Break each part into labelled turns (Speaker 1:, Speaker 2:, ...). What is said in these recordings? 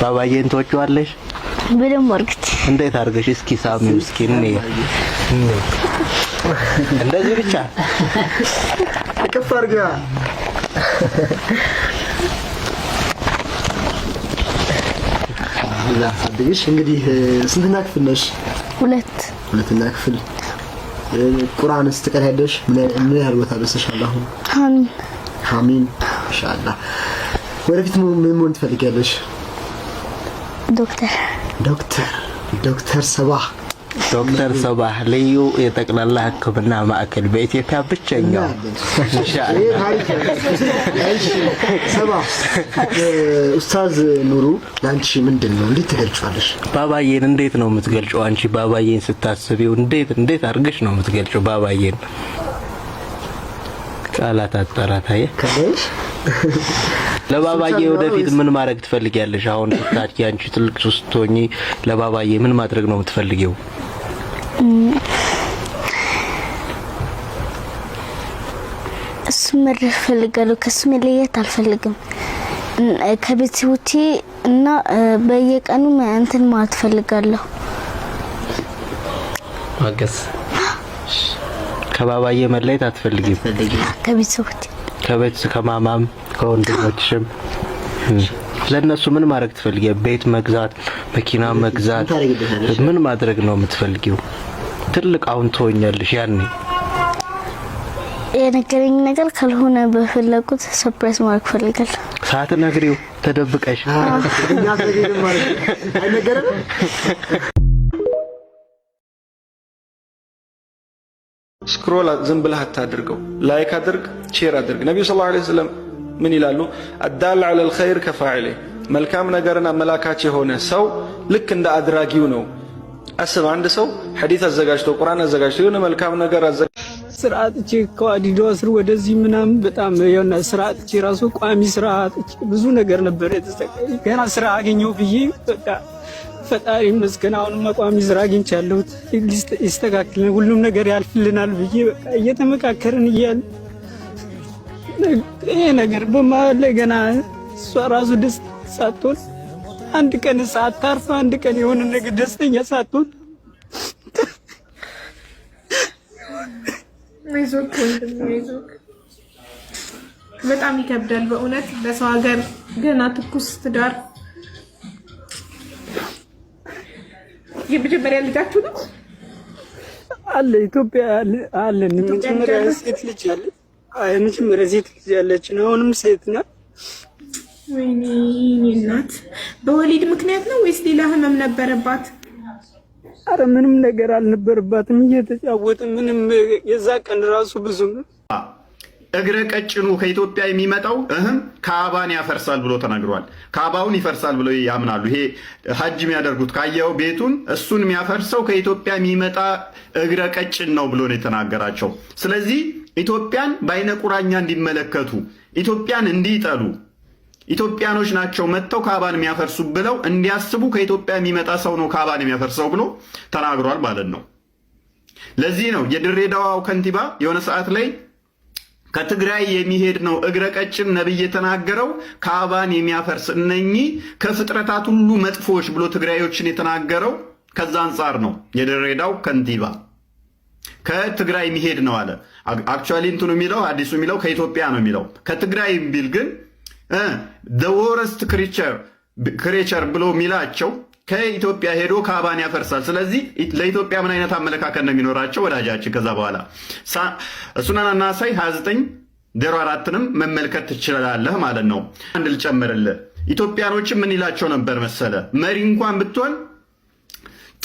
Speaker 1: ባባዬን ትወጪዋለሽ?
Speaker 2: በደምብ አድርገሽ
Speaker 1: እንዴት አድርገሽ? እስኪ ሳሚ እስኪ እኔ እንደዚህ ብቻ እቅፍ አድርጋ ላሳድግሽ። እንግዲህ ስንተኛ ክፍል ነሽ? ሁለት ሁለተኛ ክፍል ቁርአን ስትቀሪያለሽ? ምን ያህል ቦታ ደርሰሻል አሁን? አሚን ሀሚም። ኢንሻአላህ ወደፊት ምን መሆን ትፈልጊያለሽ? ዶክተር ዶክተር ዶክተር ሰባህ ዶክተር ሰባህ ልዩ የጠቅላላ ሕክምና ማዕከል በኢትዮጵያ ብቸኛው። ኡስታዝ ኑሩ ለአንቺ ምንድን ነው? እንዴት ትገልጫለሽ? ባባዬን እንዴት ነው የምትገልጨው? አንቺ ባባዬን ስታስቢው እንዴት እንዴት አድርገሽ ነው የምትገልጨው? ባባዬን ቃላት አጠራታየ ለባባዬ ወደፊት ምን ማድረግ ትፈልጊያለሽ? አሁን ታዲያ አንቺ ትልቅ ስትሆኚ ለባባዬ ምን ማድረግ ነው የምትፈልጊው?
Speaker 2: እሱ መድረስ ፈልጋለሁ። ከሱ መለየት አልፈልግም። ከቤተሰቦቼ እና በየቀኑ እንትን ማለት ፈልጋለሁ።
Speaker 1: ማገስ ከባባዬ መለየት አትፈልጊም? ከቤተሰቦቼ ከቤት ከማማም ከወንድሞችም ለእነሱ ምን ማድረግ ትፈልጊ? ቤት መግዛት፣ መኪና መግዛት፣ ምን ማድረግ ነው የምትፈልጊው? ትልቅ አሁን ትሆኛለሽ። ያኔ
Speaker 2: የነገረኝ ነገር ካልሆነ በፈለጉት ሰርፕራይዝ ማድረግ ፈልጋል።
Speaker 1: ሰዓት ነግሪው ተደብቀሽ
Speaker 3: ስክሮል ዝም ብለህ አታድርገው። ላይክ አድርግ፣ ቼር አድርግ። ነቢዩ ሰለላሁ ዐለይሂ ወሰለም ምን ይላሉ? አዳል ዐለ ልኸይር ከፋዕሌ መልካም ነገርን አመላካች የሆነ ሰው ልክ እንደ አድራጊው ነው። አስብ አንድ ሰው ሐዲስ አዘጋጅቶ ቁርአን አዘጋጅቶ የሆነ መልካም ነገር አዘጋጅ
Speaker 4: ስርዓት እቺ ከአዲዶ ስር ወደዚህ ምናምን በጣም የሆነ ስርዓት እቺ ራሱ ቋሚ ስርዓት ብዙ ነገር ነበር የተስተካከለ። ገና ስራ አገኘው ብዬ በቃ ፈጣሪ ይመስገን፣ አሁንማ ቋሚ ስራ አግኝቻለሁ። ይስተካክልን፣ ሁሉም ነገር ያልፍልናል ብዬ በቃ እየተመካከርን እያልን ይሄ ነገር በመሀል ላይ ገና እሷ ራሱ ደስት ሳትሆን አንድ ቀን ሳታርፍ አንድ ቀን የሆነ ነገር ደስተኛ ሳትሆን አይዞክ ወንድም በጣም ይከብዳል በእውነት በሰው ሀገር ገና ትኩስ ትዳር። የመጀመሪያ ልጃችሁ ነው አለ ኢትዮጵያ አለን የመጀመሪያ ሴት ልጅ አለን የመጀመሪያ ሴት ልጅ ነው። አሁንም ሴት ናት። ወይኔ እናት በወሊድ ምክንያት ነው ወይስ ሌላ ህመም ነበረባት? አረ ምንም ነገር አልነበረባትም። እየተጫወት ምንም የዛ ቀን ራሱ ብዙ
Speaker 5: እግረ ቀጭኑ ከኢትዮጵያ የሚመጣው እህም ካባን ያፈርሳል ብሎ ተናግሯል። ካባውን ይፈርሳል ብሎ ያምናሉ። ይሄ ሀጅ የሚያደርጉት ካየው ቤቱን እሱን የሚያፈርሰው ከኢትዮጵያ የሚመጣ እግረ ቀጭን ነው ብሎ ነው የተናገራቸው። ስለዚህ ኢትዮጵያን በአይነ ቁራኛ እንዲመለከቱ ኢትዮጵያን እንዲጠሉ ኢትዮጵያኖች ናቸው መጥተው ካባን የሚያፈርሱ ብለው እንዲያስቡ ከኢትዮጵያ የሚመጣ ሰው ነው ካባን የሚያፈርሰው ብሎ ተናግሯል ማለት ነው። ለዚህ ነው የድሬዳዋው ከንቲባ የሆነ ሰዓት ላይ ከትግራይ የሚሄድ ነው እግረ ቀጭን ነብይ የተናገረው ካባን የሚያፈርስ እነኚህ ከፍጥረታት ሁሉ መጥፎዎች ብሎ ትግራዮችን የተናገረው ከዛ አንጻር ነው የድሬዳው ከንቲባ ከትግራይ የሚሄድ ነው አለ። አክቹዋሊ እንትኑ የሚለው አዲሱ የሚለው ከኢትዮጵያ ነው የሚለው ከትግራይ ቢል ግን ወረስት ክሬቸር ብሎ የሚላቸው ከኢትዮጵያ ሄዶ ካባን ያፈርሳል። ስለዚህ ለኢትዮጵያ ምን አይነት አመለካከት ነው የሚኖራቸው ወዳጃችን? ከዛ በኋላ ሱናና አናሳይ 29 ደሮ አራትንም መመልከት ትችላለህ ማለት ነው። አንድ ልጨምርልህ። ኢትዮጵያኖችም ምን ይላቸው ነበር መሰለ? መሪ እንኳን ብትሆን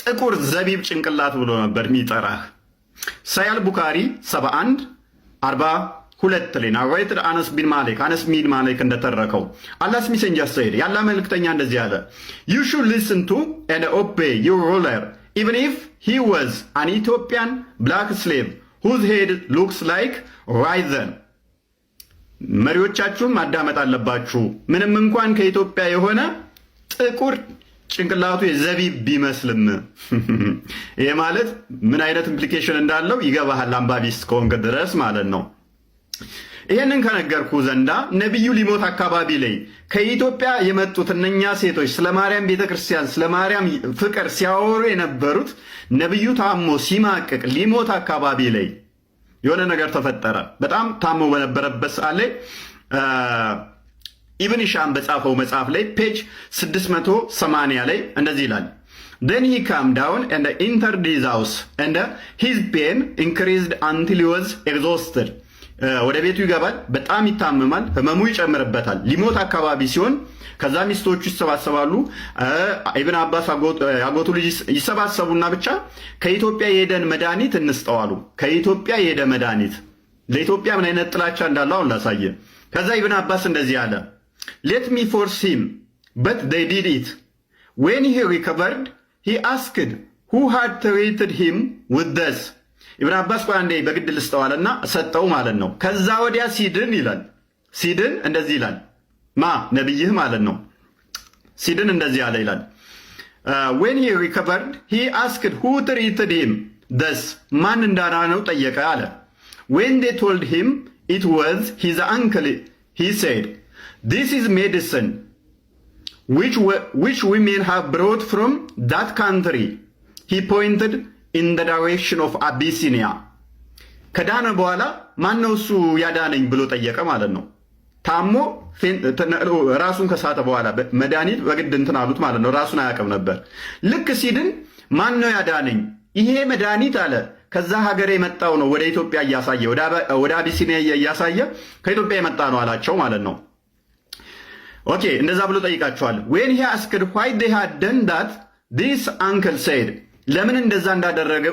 Speaker 5: ጥቁር ዘቢብ ጭንቅላት ብሎ ነበር የሚጠራህ ሳያል ቡካሪ 71 42 ላይ ናዋይት አነስ ቢን ማሌክ አነስ ቢን ማሌክ እንደተረከው አላስ ሚሴንጀር ሰይድ ያላ መልክተኛ እንደዚህ አለ ዩ ሹድ ሊስን ቱ ኤን ኦቤይ ዩ ሩለር ኢቨን ኢፍ ሂ ዋዝ አን ኢትዮጵያን ብላክ ስሌቭ ሁዝ ሄድ ሉክስ ላይክ ራይዘን መሪዎቻችሁም ማዳመጥ አለባችሁ ምንም እንኳን ከኢትዮጵያ የሆነ ጥቁር ጭንቅላቱ የዘቢብ ቢመስልም ይሄ ማለት ምን አይነት ኢምፕሊኬሽን እንዳለው ይገባሃል፣ አንባቢ እስከሆንክ ድረስ ማለት ነው። ይህንን ከነገርኩ ዘንዳ ነቢዩ ሊሞት አካባቢ ላይ ከኢትዮጵያ የመጡት እነኛ ሴቶች ስለ ማርያም ቤተክርስቲያን፣ ስለ ማርያም ፍቅር ሲያወሩ የነበሩት ነቢዩ ታሞ ሲማቅቅ ሊሞት አካባቢ ላይ የሆነ ነገር ተፈጠረ። በጣም ታሞ በነበረበት ሰዓት ላይ ኢብን ሂሻም በጻፈው መጽሐፍ ላይ ፔጅ 680 ላይ እንደዚህ ይላል። ን ሂ ካም ዳውን ን ኢንተር ዲዝ ሂዝ ፔን ኢንክሪዝድ አንቲል ወዝ ኤግዞስትድ። ወደ ቤቱ ይገባል። በጣም ይታመማል። ህመሙ ይጨምርበታል። ሊሞት አካባቢ ሲሆን ከዛ ሚስቶቹ ይሰባሰባሉ። uh, ኢብን አባስ uh, አጎቱ ልጅ ይሰባሰቡና ብቻ ከኢትዮጵያ የሄደን መድኃኒት እንስጠዋሉ። ከኢትዮጵያ የሄደ መድኃኒት ለኢትዮጵያ ምን አይነት ጥላቻ እንዳለው አሁን ላሳየ። ከዛ ኢብን አባስ እንደዚህ አለ ሌት ሚ ፎርስ ሂም በት ዘይ ዲድ ኢት ዌን ሂ ሪከቨርድ ሂ አስክድ ሁ ሃድ ትሪትድ ሂም ውደስ ኢብን አባስ ቆይ አንዴ በግድ ልስጠዋልና ሰጠው ማለት ነው። ከዛ ወዲያ ሲድን ይላል። ሲድን እንደዚህ ይላል ማ ነቢይህ ማለት ነው። ሲድን እንደዚህ አለ ይላል ዌን ሂ ሪከቨርድ ሂ አስክድ ሁ ትሪትድ ሂም ደስ ማን እንዳዳነው ጠየቀ አለ ዌን ዴ ቶልድ ሂም ኢት ወዝ ሂዝ አንክል ሂ ሴድ ዲስ ኢዝ ሜዲሲን ዊች ዊሜን ሃቭ ብሮት ፍሮም ዳት ካንትሪ ሂ ፖይንትድ ኢን ደ ዳይሬክሽን ኦፍ አቢሲኒያ። ከዳነ በኋላ ማነው እሱ ያዳነኝ ብሎ ጠየቀ ማለት ነው። ታሞ ራሱን ከሳተ በኋላ መድኃኒት በግድ እንትን አሉት ማለት ነው። ራሱን አያውቅም ነበር። ልክ ሲድን ማነው ያዳነኝ? ይሄ መድኃኒት አለ ከዛ ሀገር የመጣው ነው። ወደ ኢትዮጵያ እያሳየ ወደ አቢሲኒያ እያሳየ ከኢትዮጵያ የመጣ ነው አላቸው ማለት ነው። ኦኬ እንደዛ ብሎ ጠይቃቸዋል። ዌን ሂ አስክድ ዋይ ዴ ሃድ ደን ዳት ዲስ አንክል ሰይድ ለምን እንደዛ እንዳደረገ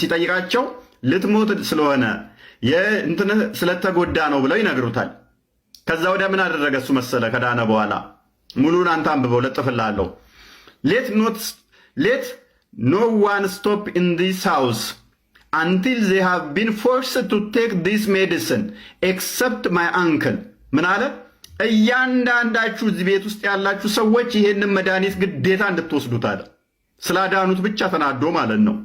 Speaker 5: ሲጠይቃቸው ልትሞት ስለሆነ እንትን ስለተጎዳ ነው ብለው ይነግሩታል። ከዛ ወዲያ ምን አደረገ እሱ መሰለ ከዳነ በኋላ ሙሉን አንተ አንብበው ለጥፍላለሁ። ሌት ሌት ኖ ዋን ስቶፕ ኢን ዲስ ሃውስ አንቲል ዜ ሃቭ ቢን ፎርስ ቱ ቴክ ዲስ ሜዲሲን ኤክሰፕት ማይ አንክል ምን አለ እያንዳንዳችሁ እዚህ ቤት ውስጥ ያላችሁ ሰዎች ይሄንን መድኃኒት ግዴታ አለ። ስላዳኑት ብቻ ተናዶ ማለት ነው።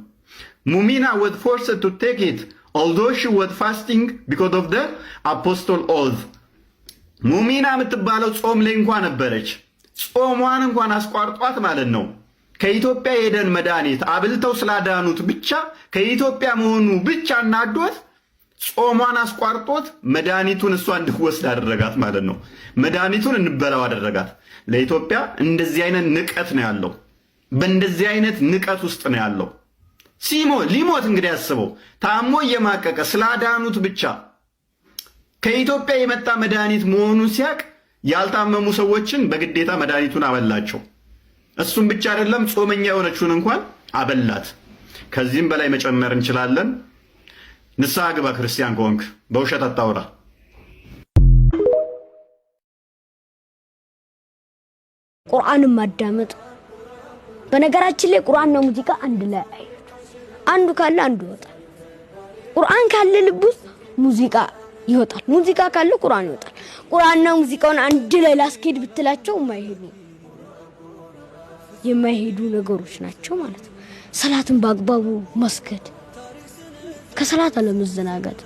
Speaker 5: ሙሚና ወዝ ፎርስ ቱ ቴክ ኢት ኦልዶ ሺ ወዝ ፋስቲንግ ቢኮዝ ኦፍ ደ አፖስቶል ኦዝ ሙሚና የምትባለው ጾም ላይ እንኳ ነበረች። ጾሟን እንኳን አስቋርጧት ማለት ነው። ከኢትዮጵያ የሄደን መድኃኒት አብልተው ስላዳኑት ብቻ ከኢትዮጵያ መሆኑ ብቻ እናዶት ጾሟን አስቋርጦት መድኃኒቱን እሷ እንድትወስድ አደረጋት ማለት ነው። መድኃኒቱን እንበላው አደረጋት። ለኢትዮጵያ እንደዚህ አይነት ንቀት ነው ያለው። በእንደዚህ አይነት ንቀት ውስጥ ነው ያለው። ሲሞ ሊሞት እንግዲህ አስበው፣ ታሞ እየማቀቀ ስላዳኑት ብቻ ከኢትዮጵያ የመጣ መድኃኒት መሆኑን ሲያቅ ያልታመሙ ሰዎችን በግዴታ መድኃኒቱን አበላቸው። እሱም ብቻ አይደለም ጾመኛ የሆነችውን እንኳን አበላት። ከዚህም በላይ መጨመር እንችላለን። ንስሐ ግባ ክርስቲያን ከሆንክ በውሸት አታውራ።
Speaker 2: ቁርአንን ማዳመጥ። በነገራችን ላይ ቁርአንና ሙዚቃ አንድ ላይ አንዱ ካለ አንዱ ይወጣል። ቁርአን ካለ ልብ ውስጥ ሙዚቃ ይወጣል። ሙዚቃ ካለ ቁርአን ይወጣል። ቁርአንና ሙዚቃውን አንድ ላይ ላስኬድ ብትላቸው የማይሄዱ የማይሄዱ ነገሮች ናቸው ማለት ነው። ሰላትን በአግባቡ መስገድ ከሰላት አለመዘናጋት።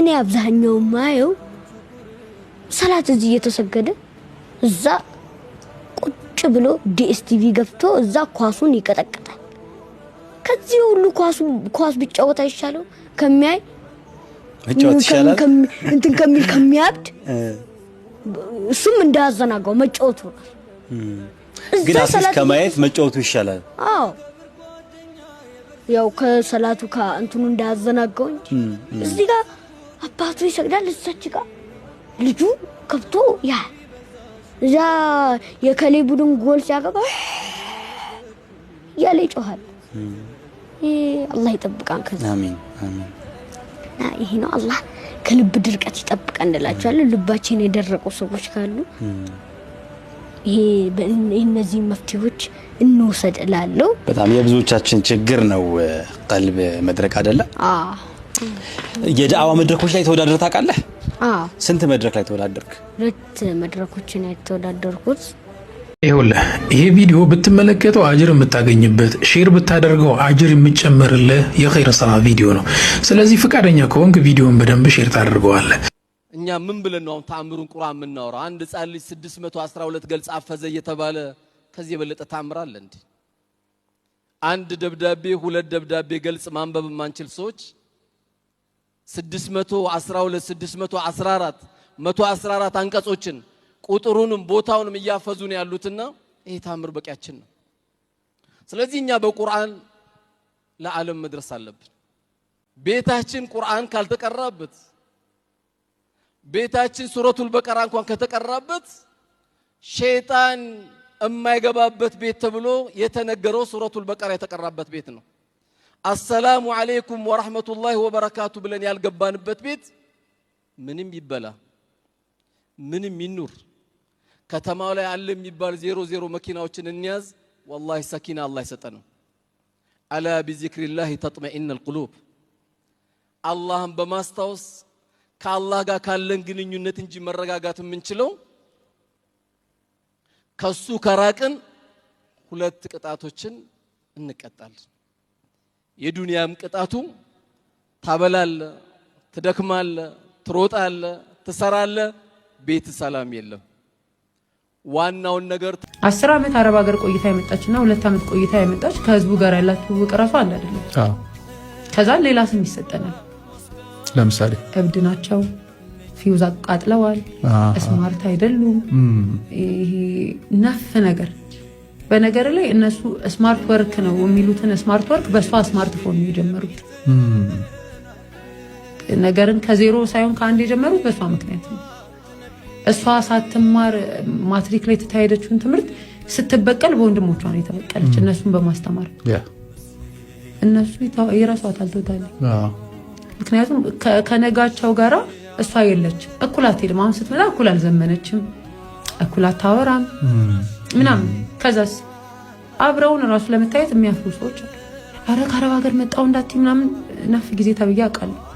Speaker 2: እኔ አብዛኛው ማየው ሰላት እዚህ እየተሰገደ እዛ ቁጭ ብሎ ዲኤስቲቪ ገፍቶ እዛ ኳሱን ይቀጠቀጣል። ከዚህ ሁሉ ኳሱ ኳስ ቢጫወት አይሻለው? ከሚያይ
Speaker 1: እንትን
Speaker 2: ከሚል ከሚያብድ እሱም እንዳያዘናጋው መጫወቱ
Speaker 1: ግን አስስ ከማየት መጫወቱ ይሻላል።
Speaker 2: አዎ ያው ከሰላቱ ከእንትኑ እንዳያዘናጋው እዚህ ጋር አባቱ ይሰግዳል፣ እዛች ጋር ልጁ ከብቶ ያ እዛ የከሌ ቡድን ጎል ሲያገባ እያለ ይጮኋል አላህ ይጠብቃን። ይሄ ነው አላህ ከልብ ድርቀት ይጠብቃን እንላቸዋለን። ልባችን የደረቁ ሰዎች ካሉ ይሄ እነዚህን መፍትሄዎች እንውሰድ እላለሁ።
Speaker 1: በጣም የብዙዎቻችን ችግር ነው ቀልብ መድረክ አይደለም። የዳዕዋ መድረኮች ላይ ተወዳደር ታውቃለህ? ስንት መድረክ ላይ ተወዳደርክ?
Speaker 2: ሁለት መድረኮችን የተወዳደርኩት
Speaker 1: ይኸውልህ ይሄ ቪዲዮ ብትመለከተው አጅር የምታገኝበት ሼር ብታደርገው አጅር የምትጨምርልህ የኸይር ስራ ቪዲዮ ነው። ስለዚህ ፈቃደኛ ከሆንክ ቪዲዮን በደንብ ሼር ታደርገዋለህ።
Speaker 6: እኛ ምን ብለን ነው አሁን ታምሩን ቁራ የምናወራው? አንድ ህፃን ልጅ 612 ገልጽ አፈዘ እየተባለ ከዚህ የበለጠ ታምር አለ እንዴ? አንድ ደብዳቤ ሁለት ደብዳቤ ገልጽ ማንበብ የማንችል ሰዎች 612 614 114 አንቀጾችን ቁጥሩንም ቦታውንም እያፈዙ ነው ያሉትና ይሄ ታምር በቂያችን ነው። ስለዚህ እኛ በቁርአን ለዓለም መድረስ አለብን። ቤታችን ቁርአን ካልተቀራበት ቤታችን ሱረቱል በቀራ እንኳን ከተቀራበት ሸይጣን የማይገባበት ቤት ተብሎ የተነገረው ሱረቱል በቀራ የተቀራበት ቤት ነው። አሰላሙ አለይኩም ወራህመቱላሂ ወበረካቱ ብለን ያልገባንበት ቤት ምንም ይበላ ምንም ይኑር ከተማው ላይ አለ የሚባል ዜሮ ዜሮ መኪናዎችን እንያዝ። ወላሂ ሰኪና አላህ አይሰጠንም። አላ ቢዚክሪላሂ ተጥመኢነል ቁሉብ አላህን በማስታወስ ከአላህ ጋር ካለን ግንኙነት እንጂ መረጋጋት የምንችለው ከሱ ከራቅን ሁለት ቅጣቶችን እንቀጣለን። የዱንያም ቅጣቱ ታበላለ፣ ትደክማለ፣ ትሮጣለ፣ ትሰራለ፣ ቤት ሰላም የለም። ዋናውን ነገር
Speaker 2: አስር ዓመት አረብ ሀገር ቆይታ የመጣችና ሁለት ዓመት ቆይታ የመጣች ከህዝቡ ጋር ያላችሁ ትውውቅ አለ አይደለም። ከዛ ሌላ ስም ይሰጠናል። ለምሳሌ እብድ ናቸው፣ ፊውዝ አቃጥለዋል፣ ስማርት አይደሉም፣ ይሄ ነፍ ነገር በነገር ላይ እነሱ ስማርት ወርክ ነው የሚሉትን ስማርት ወርክ በእሷ ስማርትፎን ነው የጀመሩት። ነገርን ከዜሮ ሳይሆን ከአንድ የጀመሩት በእሷ ምክንያት ነው። እሷ ሳትማር ማትሪክ ላይ የተካሄደችውን ትምህርት ስትበቀል በወንድሞቿ ነው የተበቀለች፣ እነሱን በማስተማር እነሱ የራሷ ታልቶታል። ምክንያቱም ከነጋቸው ጋር እሷ የለችም። እኩል አትሄድም። አሁን ስትመጣ እኩል አልዘመነችም፣ እኩል አታወራም ምናምን። ከዛስ አብረውን እራሱ ለመታየት የሚያፍሩ ሰዎች አረ ከአረብ ሀገር መጣው እንዳትዪ ምናምን ነፍ ጊዜ ተብዬ አውቃለሁ።